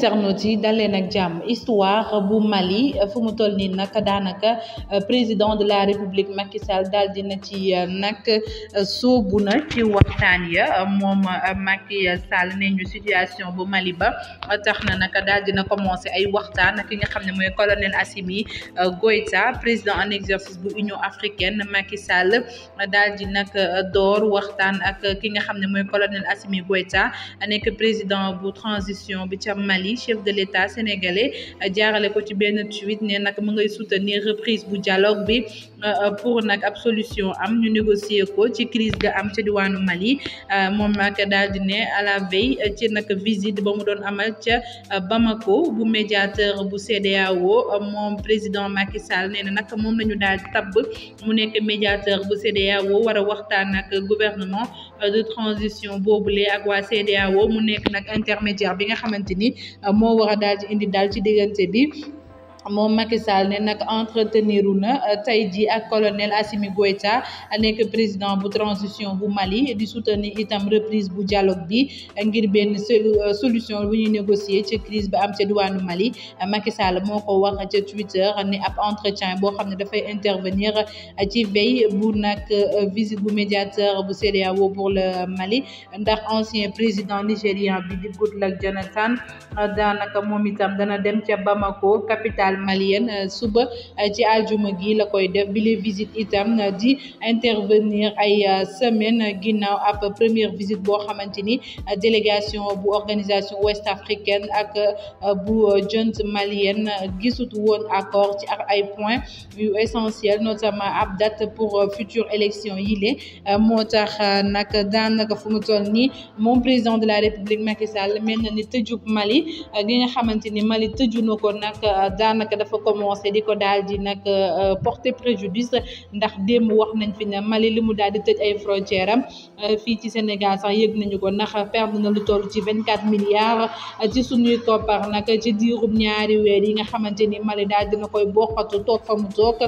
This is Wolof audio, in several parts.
internautes yi dalee nag jàmm histoire bu Mali fu mu toll nii nag daanaka euh, président de la République Macky Sall daal dina ci euh, nag euh, soobu na ci waxtaan ya moom Macky Sall ne ñu situation bu Mali ba tax na nag daal dina commencé ay waxtaan ki nga xam ne mooy colonel Assimi Goïta président en exercice bu Union africaine Macky Sall di nag door waxtaan ak ki nga xam ne mooy colonel Assimi Goïta nekk président bu transition bi ca Mali. Diomaye chef de l'état sénégalais euh, jaarale ko ci benn tweet ne nag mu ngay soutenir reprise bu dialogue bi euh, euh, pour nag ab solution am ñu négocier ko ci crise ga am ca diwaanu Mali moom nag daal di ne à la veille ci nag visite ba mu doon amal ca Bamako bu médiateur bu CEDEAO moom président Macky Sall nee na nag moom nañu ñu daal di mu nekk médiateur bu CEDEAO war a waxtaan ak gouvernement de transition boobule ak waa CEDEAO mu nekk nag intermédiaire bi nga moo war a daal di indi daal ci diggante bi moom Macky Sall ne nag entretenir na euh, tey jii ak colonel Assimi Goïta nekk président bu transition bu Mali di soutenir itam reprise bu dialogue bi euh, ngir benn euh, solution bu ñuy négocier ci crise ba am ca diwaanu Mali Macky Sall moo ko wax ca Twitter ne ab entretien boo xam ne dafay intervenir ci veille bu nag visite bu médiateur bu CEDEAO pour le Mali ndax ancien président nigérian bi di Goodluck Jonathan daanaka moom itam dana dem ca Bamako capitale capitale malienne euh, suba euh, ci aljuma gi la koy def bile visite itam euh, di intervenir ay semaine ginnaaw ab première visite boo xamante ni délégation bu organisation ouest africaine ak bu junte malienne gisut woon accord ci ay points yu essentiel notamment ab date pour future élection yi lée moo tax nag daanaka fu mu toll nii président de la république Macky Sall na ni tëjub Mali gi nga xamante Mali tëju na ko nag daan nag dafa commencé di ko daal di nag euh, porter préjudice ndax démb wax nañ fi ne Mali li mu daal di tëj ay frontières am euh, fii ci Sénégal sax yëg nañu ko ndax perdre na lu toll ci vingt quatre milliards euh, ci suñuy koppar nag ci diirub ñaari weer yi nga xamante ni Mali daal dina koy bokkatu toog fa mu toog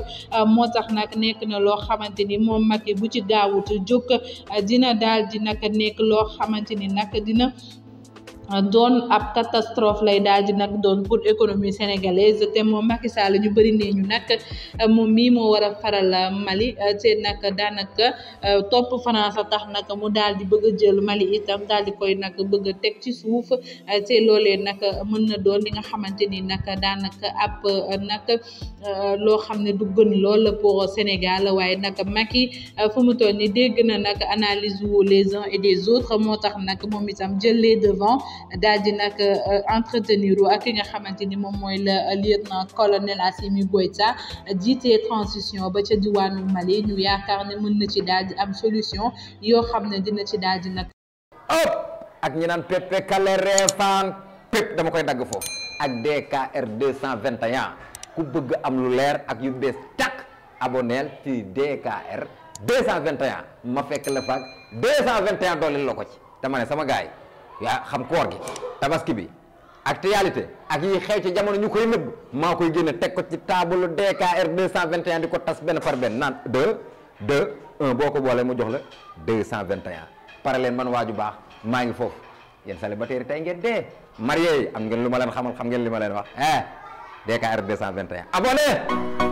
moo tax nag nekk na loo xamante ni moom yi bu ci gaawut jóg dina daal di nag nekk loo xamante ni nag dina Euh, doon ab catastrophe lay daal di nag doon pour économie sénégalaise te moom Macky Sall ñu bëri nee ñu nag euh, moom mii moo war a faral euh, Mali te nag daanaka topp France tax nag mu daal di bëgg a jël Mali itam daal di koy nag bëgg a teg ci suuf te loolee nag mën na doon li nga xamante ni nag daanaka ab nag loo xam ne du gën lool pour Sénégal waaye nag Macky fu mu toll ni dégg na nag analyse wu les uns et des autres moo tax nag moom itam jël les devants dal di nag euh, entretenir ak ki nga xamante ni moom mooy le euh, lieutenant colonel Assimi Goïta jiite transition ba ca diwaanu Mali ñu yaakaar ne mën na ci daal di am solution yoo xam ne dina ci daal di nag. hop ak ñi naan pepe kale reefaan pep dama koy dagg foofu ak DKR 221 ku bëgg am lu leer ak yu bees tàkk aboneel ci DKR 221 ma fekk la vingt 221 dooleel la ko ci dama ne sama gaay yaa xam koor gi tabaski bi actualité ak yi xew ci jamono ñu koy nëbb maa koy génne teg ko ci de table DKR 221 di ko tas benn par benn naan de de 1 boo ko boolee mu jox la 221 pare leen man waaju baax maa ngi foofu yéen célibataire tey ngeen dee marié yi am ngeen lu ma leen xamal xam ngeen li ma leen wax de eh DKR 221 abonné